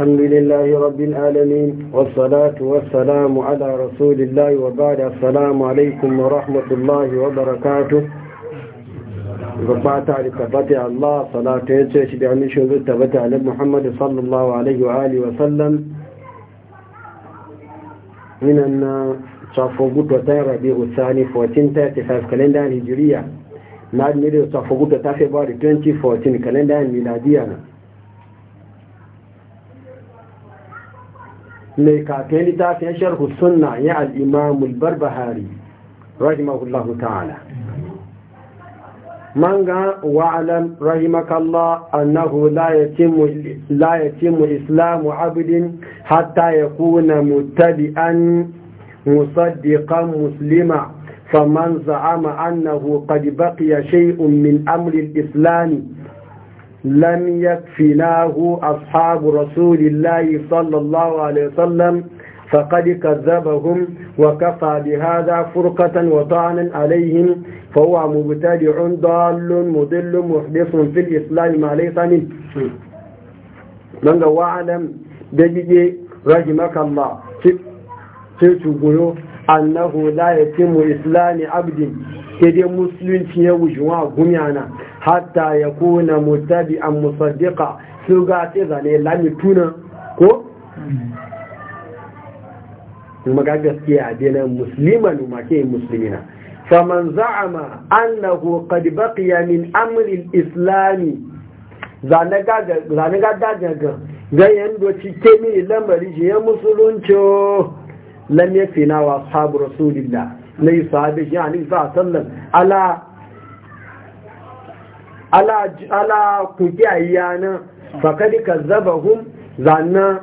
الحمد لله رب العالمين والصلاة والسلام على رسول الله وبعد السلام عليكم ورحمة الله وبركاته ربعت تعالي تبتع الله صلاة يتشي بعمل شهد تبتع محمد صلى الله عليه وآله وسلم من أن تفوقت وتين ربيع الثاني فوتين تاتي 1435 كالندر الهجرية نعد ميلي تفوقت وتين باري 2014 كالندان ميلاديانا mai kafin littafin sharhu sunna ya al'imamul barbahari rahimahullahu ta'ala man ga wa'alam rahimakallah annahu la yatimu islamu abidin hatta ya kuna mutabi'an musaddiqan muslima faman za'ama annahu qad baqiya shay'un min amri islami لم يكفناه أصحاب رسول الله صلى الله عليه وسلم فقد كذبهم وكفى بهذا فرقة وطعنا عليهم فهو مبتدع ضال مضل محدث في الإسلام ما ليس منه من هو أعلم بجي رحمك الله تقول أنه لا يتم إسلام عبد كده مسلم في وجوه غميانا hatta ya kuna mutabi an musaddiƙa su ga ce zane lamituna ko? maga gaskiya a dinar musulman make musulmina faman za'ama annahu qad baqiya min amri al-islami zane ga daga ga doci ke mi lamari je ya musulunci lam yafina wa ashabu rasulillah laysa bi yani sallallahu ala ala kuki yi yana fakadi hun zanna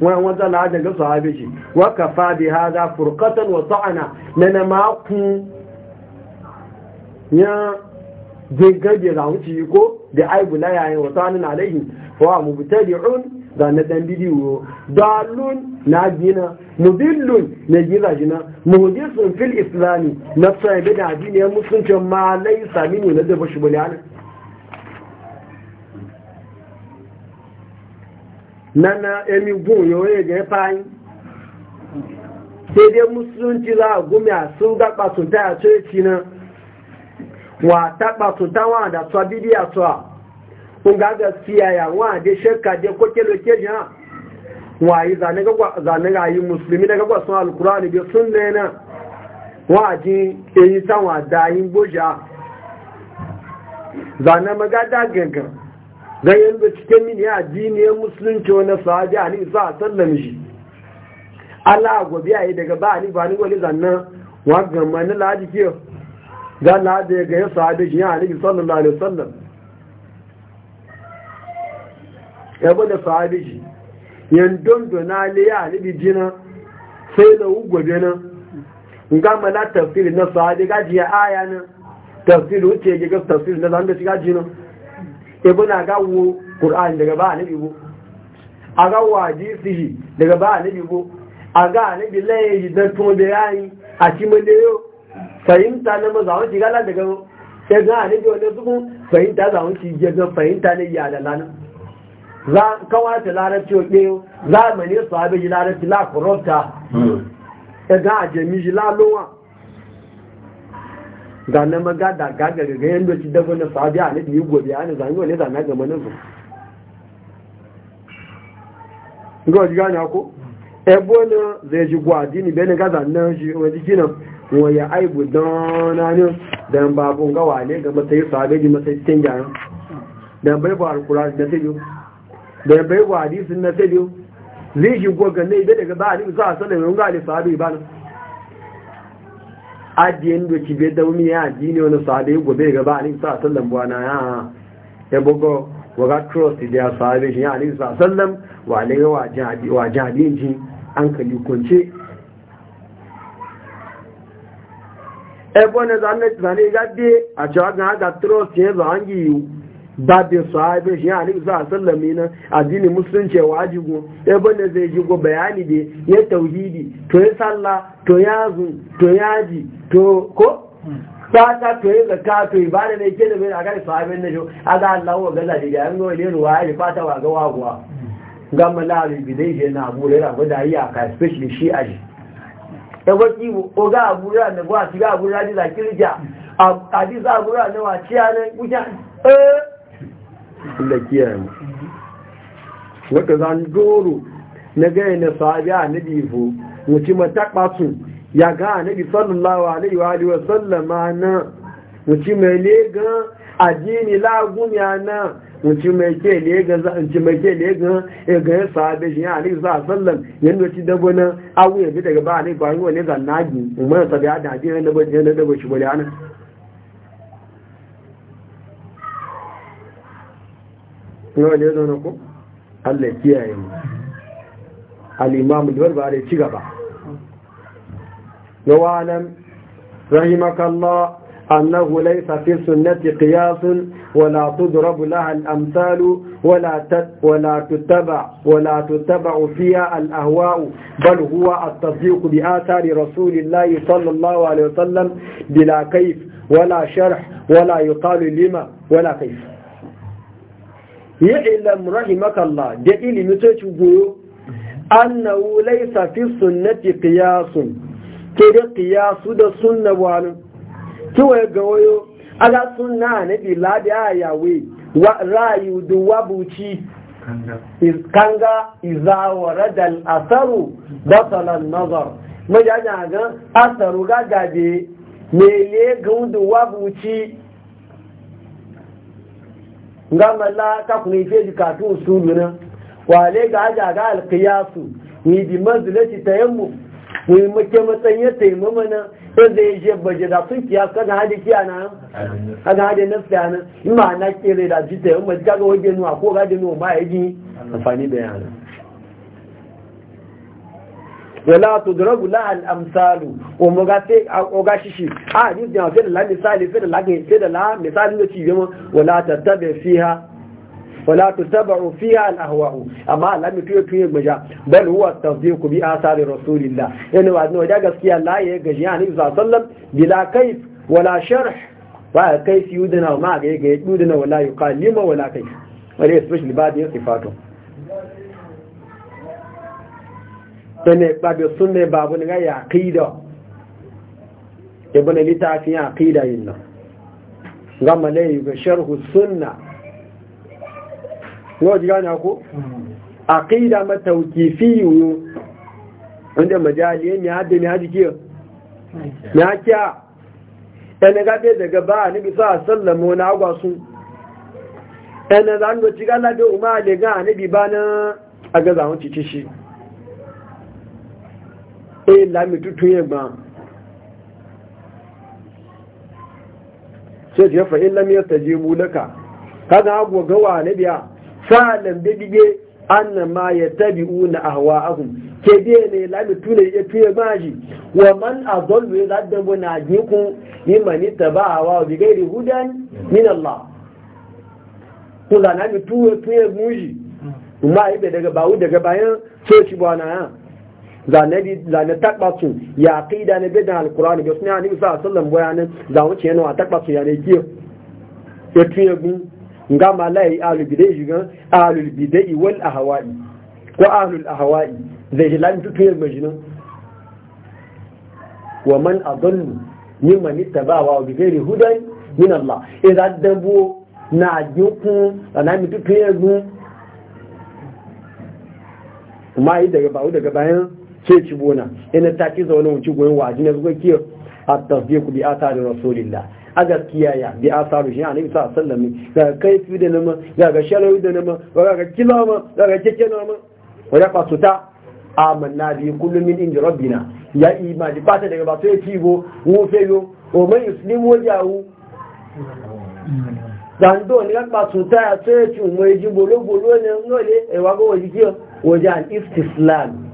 wani wata la'ada ga sahabi shi waka kafa ha za furkatan wata ana nana ma ku ya jingar da yi ko da aibu na yayin mu ta'anan alaihi un za na dan bidiyo dalun na gina mu mudillun na gina jina sun fil islami na da bid'a diniyar musuncin ma laisa minu na da bashi bulana nana emi gun yau ya ga fayin sai Sede musulunci za a gumi a sun ga ya a coci nan wa ta ɓasunta wa da tsawa bidiyar tsawa kun ga gaskiya ya wa dai shakka dai ko kelo ke jan wa yi zane ga yi musulmi na gagwa sun alkurani bai sun ne na wa ji eyi san wa dayin boja zane magada gangan ga yanzu cikin mini ya jiniyar musulunci wani sahabi a nisa a sallami shi ala gobe a yi daga ba a nufi ba wani zannan gama ni laji ke ga lada ga ya sahabi shi ya nufi sallallahu alaihi sallam ya bude sahabi shi yan dondona ne ya nufi jina sai na gobe na gama na tafsiri na sahabi gaji ya aya nan tafsiri wuce ga tafsiri na zanga shi gaji ibuna gawo qur'ani daga ba annabi bu a gawo hadisi daga ba annabi bu a ga annabi lai da to da yayi a cikin da yo fahimta na maza wani shiga la daga sai ga annabi wanda su fahimta za mu shige ga fahimta ne ya lalana za kawa ta larabci o ɗeyo za mani sahabi larabci la korofta ga ajami la lowa ga na maga da gaga ga gayen doci dabo na sabi a ne yi gobe a ne zan yi wani zan na gama nufin ga wajen gani ako ebo na zai ji gwa dini bai na gaza na shi wani jinan waya aibu don nanin don babun gawa ne ga matsayi sabi ji matsayi cikin gyaran don bai ba alkura na sai Da don bai ba hadisin na sai biyu zai shi gwa ga ne bai daga ba a nufi sa a sanar yunga ne sabi ba na adiyen da ki bai daumi ya addini wani sahabe gobe gaba a nisa sallam na ya ya bugo waga trust da ya sahabe shi ya nisa sallam wa alaiya wa jihadin ji an kali kunce ebe wani zane zane gabe a cewa ga trust ya zo an yi babin sahabi shi ya za a sallami na addini musulunci wajibu ya bane zai ji go bayani da ya tauhidi to ya sallah to ya zu to ya ji to ko sata to ya zaka to ibada ne ke da mai a gari sahabin na shi ga Allah wa gaza da yan ga wani ruwa ya fata wa ga kuwa gama lari bidai shi na abu rabu da yi a kai, especially shi a shi ya wasi o ga abu rera na gwa shi ga abu rera da kirja a ji za abu rera na wa ciyanin nan Allah kiyaye mu wata zan doro na gaya na sahabi a nabi fu mutum matakpa su ya ga nabi sallallahu alaihi wa alihi wa sallama na mutum mai legan addini lagun ya na mutum mai ke legan za mutum mai ke legan ya ga ya sahabi shi ya alaihi wa sallam yanda ci dabo na awu ya bi daga ba alaihi wa alihi wa ne zan nagi umma sabi a da addini na dabo shi bole ana yau ne zaune ku allah kiyaye mu al'imamu da أنه ليس في السنة قياس ولا تضرب لها الأمثال ولا ولا تتبع ولا تتبع فيها الأهواء بل هو التصديق بآثار رسول الله صلى الله عليه وسلم بلا كيف ولا شرح ولا يقال لما ولا كيف ya ilam rahimakallah da ilimi ta ci goyo na wulai safi sunnati kiyasun ke da kiyasu da sunna wani kiwa ya ga wayo ga sunna na bi da ayawe rayu rayu wabuci. kanga izawara da asaru basalan nazar majanya ga asaru ga gabe mele gundu wabuci nga malla ka kuma ife ka katu usulu wa wale ga aja ga alqiyasu ni bi manzilati tayammu ni muke matsayin taimama na e inda ya je baje da sun kiya kan hadi kiya na kan hadi na fiya na ma na kire da ji tayammu ga ga wajen nuwa ko ga da nuwa ma yaji amfani da yana wala tudrabu la al amsalu o mo ga se o ga shishi ah ni da se la misali se la ga se la misali ne ci mo wala tatabe fiha wala tatabu fiha al ahwa amma la mi tuye tuye gbaja bal huwa tasdiqu bi asari rasulillah yana wa no da gaskiya la ye gaji ani sallallahu sallam bila kayf wala sharh wa kayf yudna ma ga ga yudna wala yuqalima wala kayf wala especially ba da sifatu tane babe sunne babu ne ga ya aqida ibn fi ya aqida yin le lai ga sharhu sunna yau ji na ku aqida yu inda majali ne hadda ne haji kiyo ne hakiya ga be daga ba ni bisa sallama wani agwa sun ɗana zanuwa ci galabe umar da ga hannabi ba na a gaza cici shi e lami tutun yẹn gbọ́n ṣe kaga agwọ̀gá gawa na biya sa'adàn bí gbígbé annan ma ya tabi una hawa ahun ke biya ne lami tuna ya tuye maji wa man a zonu ya zaɗa bu na jikun yi mani ba hawa bi gairi hudan min Allah za na mi tuye tuye muji ma yi daga bawu daga bayan soci bwana ya zane zane takba su ya aqida ne bidan alqur'ani ga sunan annabi sallallahu sallan wasallam bayanin za mu ce ne wa takba su ya ne kiyo ya tuye gun nga malai ahlul bidai shiga ahlul bidai wal ahwa'i ko a ahwa'i zai lan tuye majinu wa man a ma adallu mimman ittaba'a wa ghairi hudan min Allah idan dabo na ajukun ana mi tuye gun ma yi daga ba'u daga bayan sai ci bona yana ta ci zaune wuce goyon waji ajina zuwa kiyar a tafiye ku bi asa da rasulillah a gaskiya ya bi asa da shi annabi sallallahu sallami ga kai fi da nama ga ga shalawi da nama ga ga kila ma ga ga na ma wa ya fasuta amanna bi kullum min inda rabbina ya imani fata daga ba sai ci go mu feyo o mai muslimu wajahu dando ni kan ba suta ya sai ci mu ji bolo bolo ne ngole e wa go wajiki wajan istislam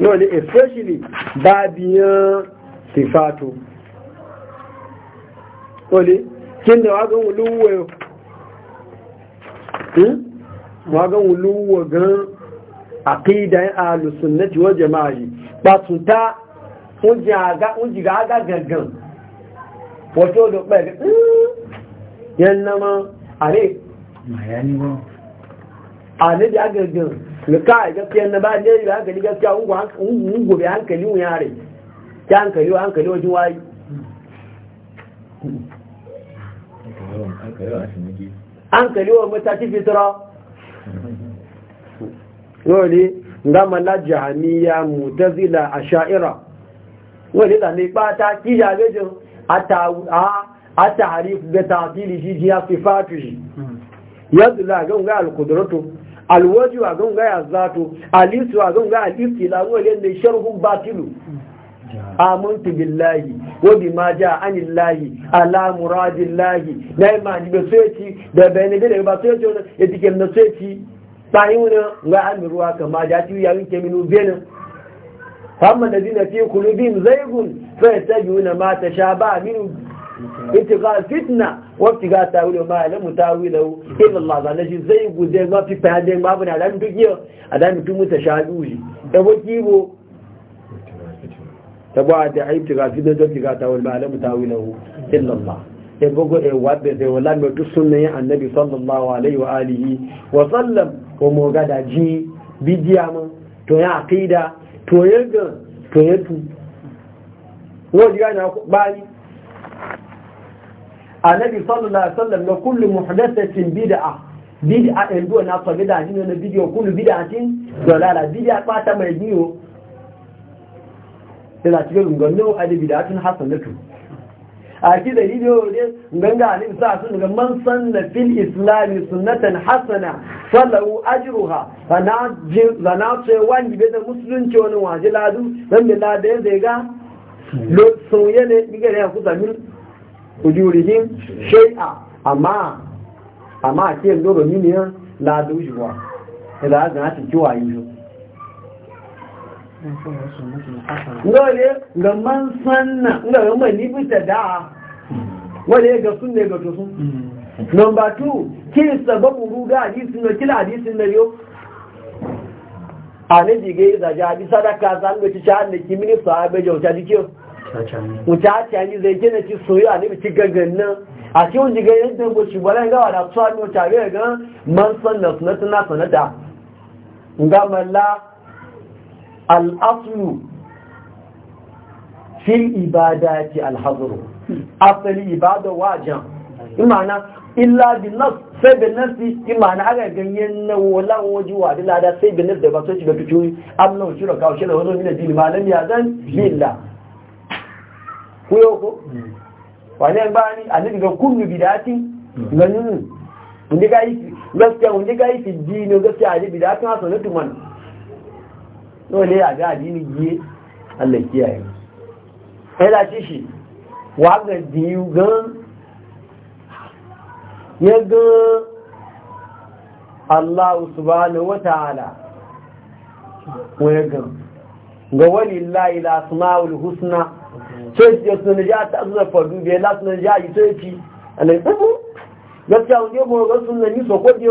no ne especially babiyan sifatu wani kin da wagon wuluwa hmm? wagon wuluwa gan aqidan ahlus sunnati wal jamaa'i patunta unjaga unjigaga gangan wato do pe hmm? yanna ma are mayani ba a ne da aka gajin da ka a gaskiyar na ba ne da hankali gaskiya ungu gobe hankali mu yare ta hankali wa hankali wajen wayi hankali wa matashi fitura. yau ne gama na jihamiya mutazila a sha'ira wani da ne bata kija gajin a ta harif da tafili shi jiya fi fatu shi hmm. yadda ga alkudurutu alwaju wa zan ya zato alisu wa zan gaya alisu laruwa yadda sharhu batilu amuntu billahi wa bima jaa anillahi ala muradillahi na ma ni be seti da be ne be ba seti ona e dike na seti wuna ga an ruwa kama da ti ya yake minu bene amma da dina fi qulubihim zaygun fa yatajuna ma tashabaha min ittiqa fitna wa ittiqa ta'wil ma la mutawilu illa Allah da shi zai guje ma fi fadi ma bu na dan dukiyo adan mutum ta shadu shi da wakibo tabwa annabi sallallahu alaihi wa akida to yaga na bali annabi sallallahu alaihi wasallam na kullu muhdathatin bid'a bid'a en do na sabi da jin na bidiyo kullu bid'atin dalala bid'a ta mai biyo ila cikin no ade bid'atin hasanatu a ki da bidiyo ne ganga annabi sa sun ga man sanna fil islam sunnatan hasana falahu ajruha ana zana ce wani da musulunci wani ladu dan da ladan zai ga lo sun yana bigare ku da ujurihim shay'a amma amma ke ndoro mini ya la dujwa ila ga ta kiwa yijo ngole ga man sanna ngole man ni number 2 kin sababu ruga hadisin da kila hadisin da yo ale dige da jadi sadaka zan ga ci ne kimini wuta ta yi zai gina ci soyo a nufi gaggan nan a cikin yin yadda goshi bala gawa da tuwa ne tare ga man sanna sunata na sanata ga malla fi ibada ibadati alhazuru asali ibada wajen imana illa bi nas sai bi nas nasi imana aga ganyen na walan waji wa dila da sai bi nas da ba so shi ga tuci amna shura kawo shi da wani ne bi malam ya zan billa kuyoko ko hmm. wani yan bani a nufi ga kunu bidati ganin wanda ga yi gaskiya wanda ga yi fi ne gaskiya a jibi da aka hasa na tuman dole ya ga ni giye allah kiyaye sai da shi shi wa ga diyu gan ya ga allah subhanahu wa ta'ala ko ya ga ga walillahi la asma'ul husna sai ya suna ja ta suna fardu bai la suna ja yi sai ci alai dubu gaskiya wani yau ga suna ni so ko je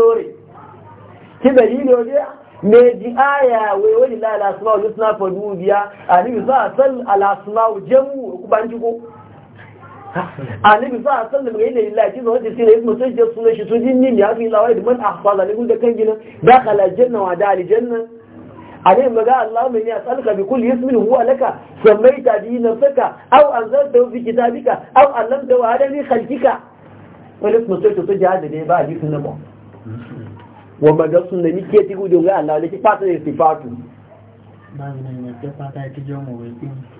ki dalili waje me di aya uh, we wani la la suna suna fardu biya alibi za a san ala suna jamu ku ban ji ko a san da mai suna shi sun jinni ya fi lawai da man da kan gina wa da aljanna عليه ما قال الله من يسألك بكل اسم هو لك سميت به نفسك أو أنزلته في كتابك أو علمته هذا من خلقك ولكن سويت سويت هذا دي بعد يسنى مو وما قال سنة نكي تقول يوم الله لكي فاتن استفاتو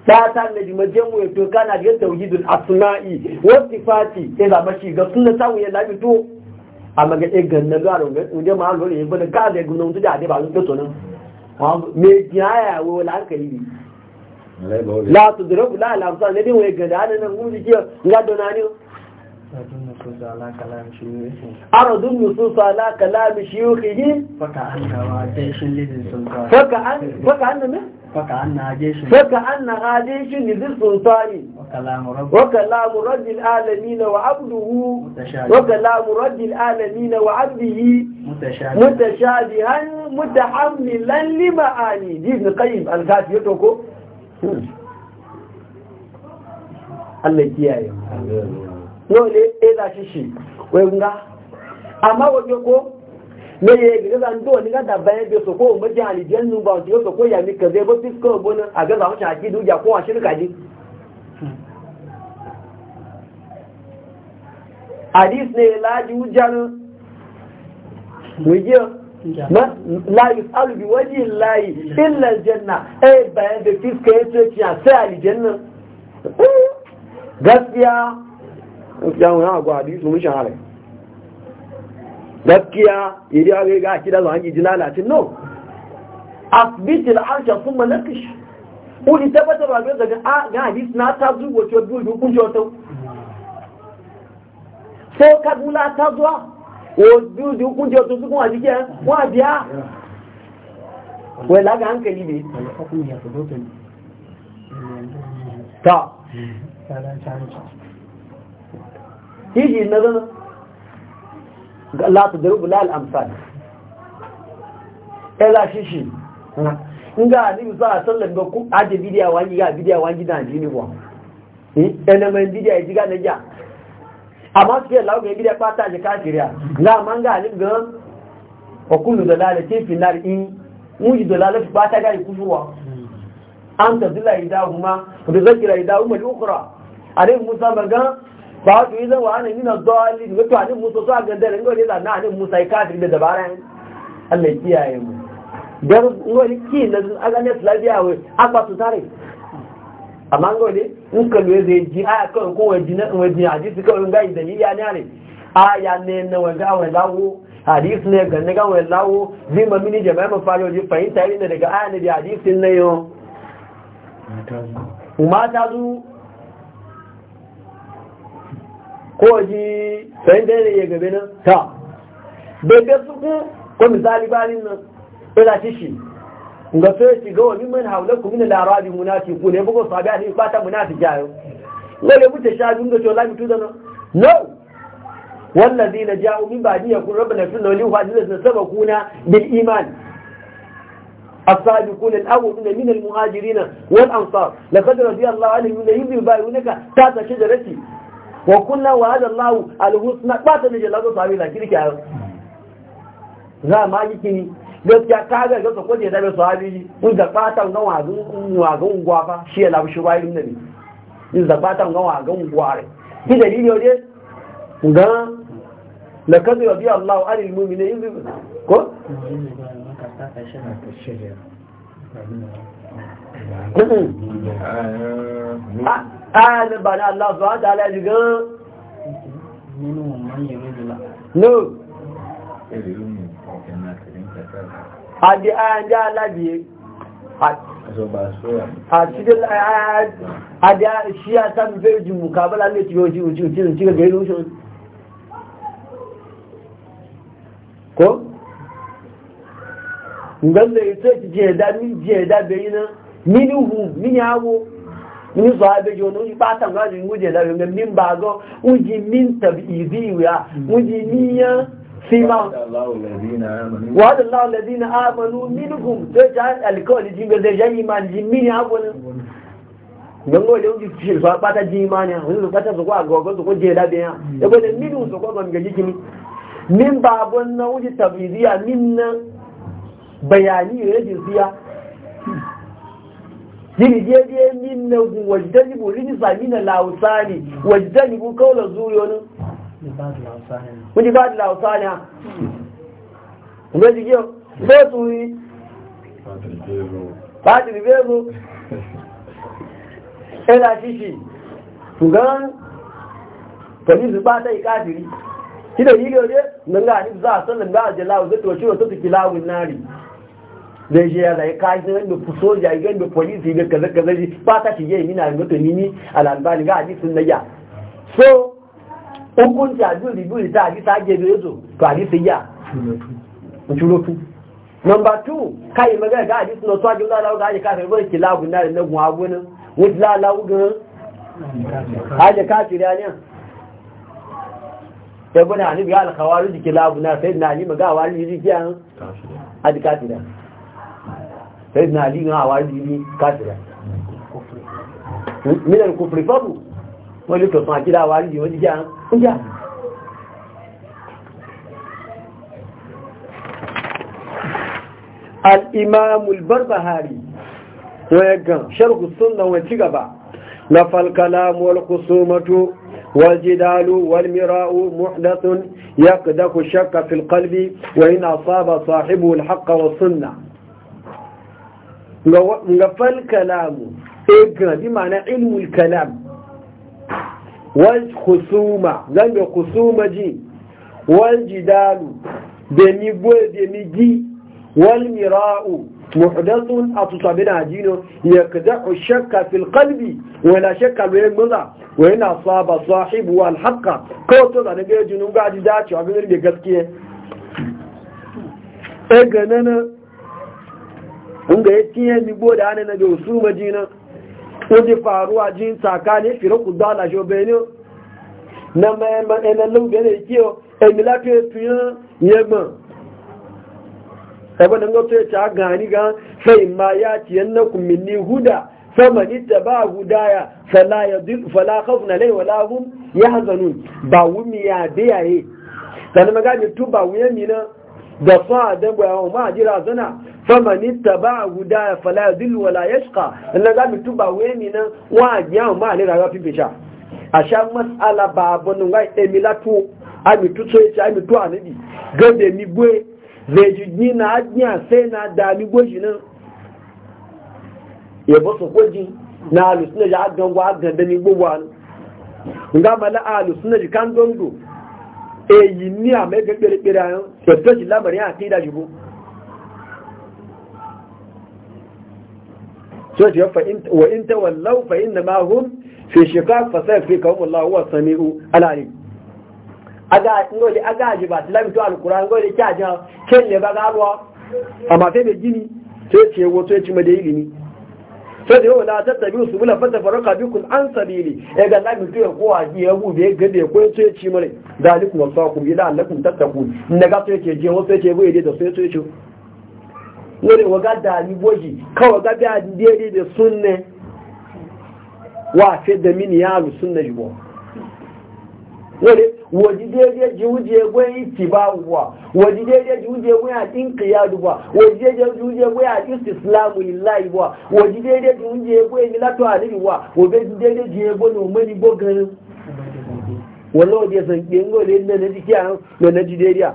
Tata da jimajen wato kana da tauhidul asma'i wa sifati sai da mashi ga sunna sawu ya labi to amma ga ganna ga ronga unje ma an ne ba da ka zai gunan da ba sun to nan mai jiyaya wa wala hankali ne la tu durabu la alamsa ne dai wai gada nan gudu jiya ga donani عرضوا النصوص على كلام شيوخه فكأنها فكأن فكأنها لذي السلطان وكلام رب العالمين وعبده وكلام رب العالمين وعبده متشابها متحملا لمعاني دي ابن القيم الكاتب يتركه الله يكيا يا lóòlé ẹ́dà ṣíṣì wẹ̀ngá àmá wọ́jọ́ kó mẹ́yẹ gẹ̀gẹ́gà ń dóò nígbà dàbà ẹ́ bí sọ́kó òun mẹ́jẹ́ àlìjẹ́ ń nùbà òtí ó sọ́kó na kẹ̀zẹ́ bó tí kọ́ ògbóná àgẹ́gà ń ṣàkí ìlú ìjà kó wọn ṣírí kàdí. àdìs ní láàájú jánu wíjẹ́ láàyè alùbí wọ́jì láàyè ilẹ̀ jẹ́nà ẹ̀ bàyẹ̀ bẹ̀ fífkẹ́ ẹ̀ gaskiya yawon agwa hadisu mun shahara gaskiya iri a ga aki da zuwa gidi lalacin no asbitil arsha sun malakish uli tabbatar ba zai daga ah, ga hadis na ta zuwa ce biyu hukunci wata so kaduna ta zuwa o biyu hukunci wata su kuma jikiya wa wai laga hankali ne ta hiji na zana ga Allah ta darubu lal amsal ela shishi nga ni sa sallan ga ku aje bidiya wangi ga bidiya wangi da ni wa eh ene men bidiya ji ga na ja amma sai Allah ga bidiya pata je kafiriya nga manga ni ga wa kullu dalalatin fi nar in muji dalalatu pata ga kufuwa anta dilla idahuma wa zakira idahuma al-ukhra alayhi musa ba ga. ba su yi zawa ana nuna zuwali da mutu hannun musu zuwa ga dare ngoli da na hannun musa ya kafin da dabara Allah ya kiyaye mu dar ngoli ki na agane slaviya we akwa su tare amma ngoli in ka lwe zai ji aya kan ko waji na waji hadisi ka wani gai dalili ya ne ya ne na waga wa lawo hadisi ne ga ga wa lawo zai ma mini jama'a ma fahimta ne daga aya ne da hadisin ne yo mata zu ko ji sai ne ya gabe nan ta bai ga su ku ko misali barin nan ila tishi ga sai ci ga wani min haula ku min larabi munafiku ne bugo sabi a ne ba ta munafiki ayo wale mutu sha dun ga jola mutu da no والذين جاءوا من بعد يقول ربنا اغفر na ولإخواننا سبقونا بالإيمان الصادقون الأولون من المهاجرين والأنصار لقد رضي الله عنهم من يبيعونك تحت شجرتي wa kullum wa hada Allah alhusna ba ta nije lazo sabi la kirki a za ma yi kini gaskiya ka ga ga ko ne da bai sabi kun da fatan ga wazun wazun gwafa shi ya labu shi ba irin nabi in da fatan ga wazun gware ki dalili ne ga lakad rabbi Allah alil mu'minin ko Ah ayan ba na Allah subhanahu wa ta'ala nínú man yẹ̀rọ jùlọ no àdí ayan já alábìí àdí ṣí àtàbí fẹ́ jù mù kàbálá Ko, tí ó jí ojú tí ó jí gẹ̀gẹ̀ ìlú ṣe kó ǹgbẹ́lẹ̀ ètò ìtìjì ní sọ abẹ́jọ ní orí pátá náà ní mújẹ̀ lẹ́rẹ̀ ní bàgọ́ wọ́n jí ní tàbí ìdí ìwé à wọ́n jí níyàn símá wọ́n láwọ́ lẹ́bí na ámàlú mínúkùn tó já alikọ́ọ̀lì jí gẹ́gẹ́ jẹ́ ìmá jí mínú àgbọ̀nà gbogbo ilé oúnjẹ fi ìṣọ́ pátá jí ìmá ni àwọn ìlú pátá sọkọ́ àgọ́gọ́ sọkọ́ jẹ́ lábẹ́ yá ẹgbẹ́ ni mínú sọkọ́ gbọmgbẹ̀ Min kìíní ní bàbọ̀ náà oúnjẹ tàbí ìdí à nínú bayani rẹ̀ jù sí ya jirgege min na wajjani bu rijisa min na lausani wajjani bu kaula zuriyonin wani ba da lausani ha ga jirgin zai turi ba da ribezo ila shishi tugan kamisu ba ta yi kafiri shi da yi ne nan ga hannun za a sannan ga ajiyar ta wacce wata suke lawun nari zai je ya zai kashi yadda soja ya yadda polisi ga kaza kaza shi ba ta shige yi na mutu nini al'albani ga hadisin na ya so hukunci a duk ribu ta hadisa ake da yazo to hadisin ya jurotu number two kai magana ga hadisin na swajin lalawa ga hajjaka sai bai kila guna da nagun abunan wuce lalawa ga hajjaka tiraniya ya guna hannu biya alkhawarin jiki na, sai na ni magawa ni jikiya hadika tiraniya sai na ali na awa jini kafira minar kufri fabu wani to sun akida awa jini wani jiya ya al-imam al-barbahari wayagan sharhu sunna wa ci gaba na falkalam wal khusumatu والجدال والمراء محدث يقدك الشك في القلب وإن أصاب صاحبه الحق والسنة ga fal kalamu igra e bi ma'ana ilmul kalam wal khusuma zan ga khusuma ji wal jidalu da ni gwe da mi ji wal mira'u muhdathun atutabina jino yakda'u shakka fil qalbi wala shakka wa yagmaza wa yana saba sahibu wal haqqa ko to da ga jinu ga ji dace abin da gaskiya e kun e e ga yakin yin nibo da hannun na biyu su majina ɗaje faruwa jin takani firin kudu ala shi obi ne na mayamman enelun gane kiyo emilato ya tuyo yegban ebe da ngoto ya ci a gani gan sai ma ya ci yanna kuminni huda ni ta ba huda ya falakaf na lai walahun ya hazanun ba wumi ya daya yi sanama gani tu ba wuyen da sun adagbo ya wa ma jira zana famani taba guda ya fala dillu wala yashqa inna ga mutu ba weni nan wa gyan ma ne rawa fi bisha a sha mas'ala ba a bunun emi emilatu a mi mitu so yace a mi mitu anabi gabe mi gwe zai jini na ajiya sai na da mi gwe shi nan ya ba gwaji kwaji na alusuna ji agan gwa agan da mi gbogbo anu nga mala alusuna ji kan dondo eyi ni a mai gaggare kira yan especially lamarin a kai da jibo so ce wa in ta wallau fa inna ma hum fi shiqaq fa sayfikum Allahu huwa samiu alalim aga ngoli aga ji ba tilami to alquran ngoli kya jan ken le baga ruwa amma fe be gini to ce wo to ce ma da ilimi to da wala su bula fa tafarraqa bikum an sabili e ga lami to ko a ji yabu be gade ko to ce mare dalikum wasakum ila allakum tattaqun inda ga to ce je wo to ce ya ide da so to ce wani waga da aliboji kawai gabi a daidai da sunne wa da mini yaro sunne jibo wani waji daidai jiwuje iti ba uwa waji daidai jiwuje gwen a ya duba waji daidai jiwuje gwen a ɗinka islamu lillahi ba waji daidai jiwuje gwen milato a nabi waje daidai jiwuje bo ganin wani waje zan ɗin gole na na jiki na na jideriya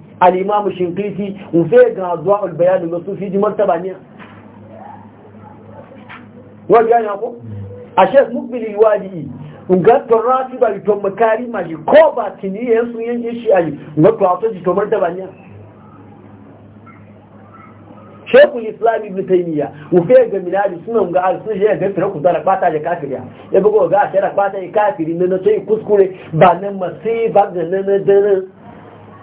al'imamu shinkiti wufe ga zuwa da na sufi ji martaba ne wajen yana ko a shek mukbili wadi ngatto rati ba to makari ma ji ko ba tini yan sun yanke shi ayi ngatto a to ji to martaba ne Sheikh al-Islam Ibn Taymiyyah wufe ga miladi sunan ga al sunan ga fira ku da bata da kafiriya ya bugo ga shara bata da kafiri ne na sai kuskure ba nan masai ba ga nan da nan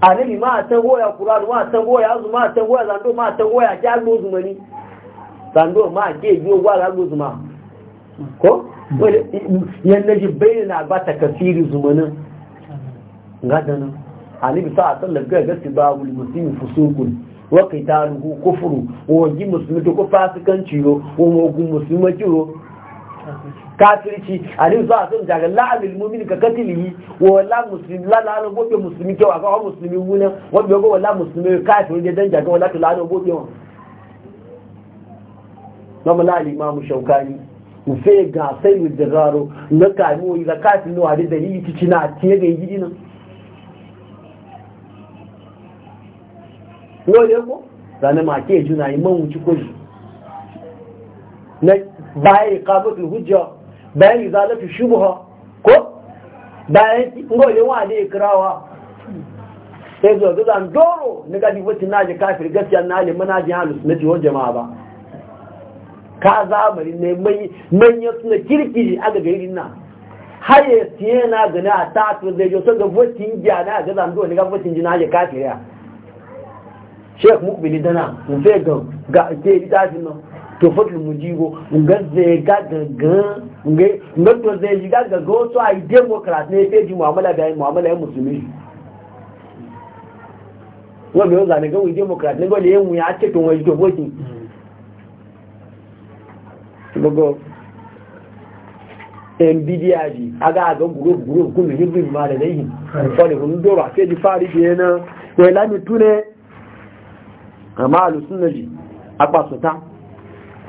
annabi ma a tan goya kurar ma a tan goya azu ma a tan goya zando ma a tan goya ki agbo zuma ni zando ma a ke biyo gwa agbo zuma ko yanda ji na ba ta kafiri zumanin gadanin annabi sa a san da ga gasi ba wul muslimi fusukun wa qitaluhu kufru wa ji musulmi to ko fasikanci ro wa mugun muslimi ro kafirci alim za sun daga la'amil mu'min ka katilihi wa wala muslim la la no gobe muslimi ke wa ga muslimi wuna wa be go wala muslimi kafir de dan jaga wala to la no gobe wa no mala imam shaukani mu ga sai mu dagaro na kami wa zakati no hadi dalili kici na tiye ga yidi nan no yego sanan ma ke juna imam wuci koji na bai qabatu hujja bayan izalatu shubha ko bayan ngole wa ne ikrawa sai zo ga doro ni ga dibuti na je kafir gaskiya na ne muna ji halus na jiwo jama'a ba ka zamani ne mai suna kirki a ga gairin nan har ya siye na gani a tatu da yau sun ga votin jiya na ga zando ni ga votin ji na je kafir ya sheikh mukbili dana mu fe ga ga ke litafin nan to fadl mujibo nga zai ga gangan nga to zai ji ga a yi democrat ne sai ji mu'amala da mu'amala yan musulmi wọ́n mi ó zà ní gánwò democrat nígbà lè wùn yá tètò wọn ìjọ bóti gbogbo nbdr aga aga gbogbo gbogbo gúnmi ní gbogbo ìmọ̀ rẹ̀ lẹ́yìn fọ́nì fún dọ́rọ̀ àkéjì fáàrí bí ne? pẹ̀lá mi túnẹ̀ àmà àlùsúnnà jì apàṣọ̀tá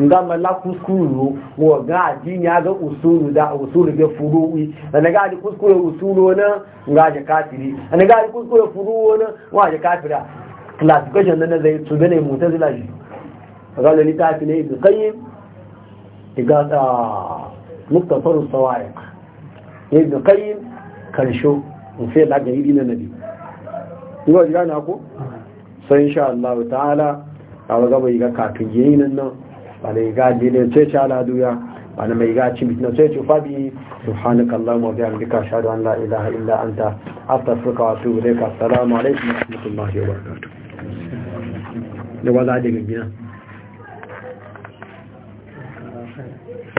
nga mala kuskuru wo ga addini ga usulu da usulu ga furu'i ana ga di kuskuru usulu na nga ja kafiri ana ga di kuskuru furu'u na wa ja kafira classification nan zai tube ne mutazila shi ga da litafi ne ibn qayyim diga ta muktafaru sawaiq ibn qayyim karsho in sai da ga yi na nabi ko jira na ko sai insha Allah ta'ala a ga bai ga katun yayin nan bana yi gaji ne sai ci ala duya bana mai gaci bitina sai ci wa bihamdika ashhadu an la ilaha illa anta astaghfiruka wa atubu ilayka assalamu alaikum wa rahmatullahi wa barakatuh wala daga gina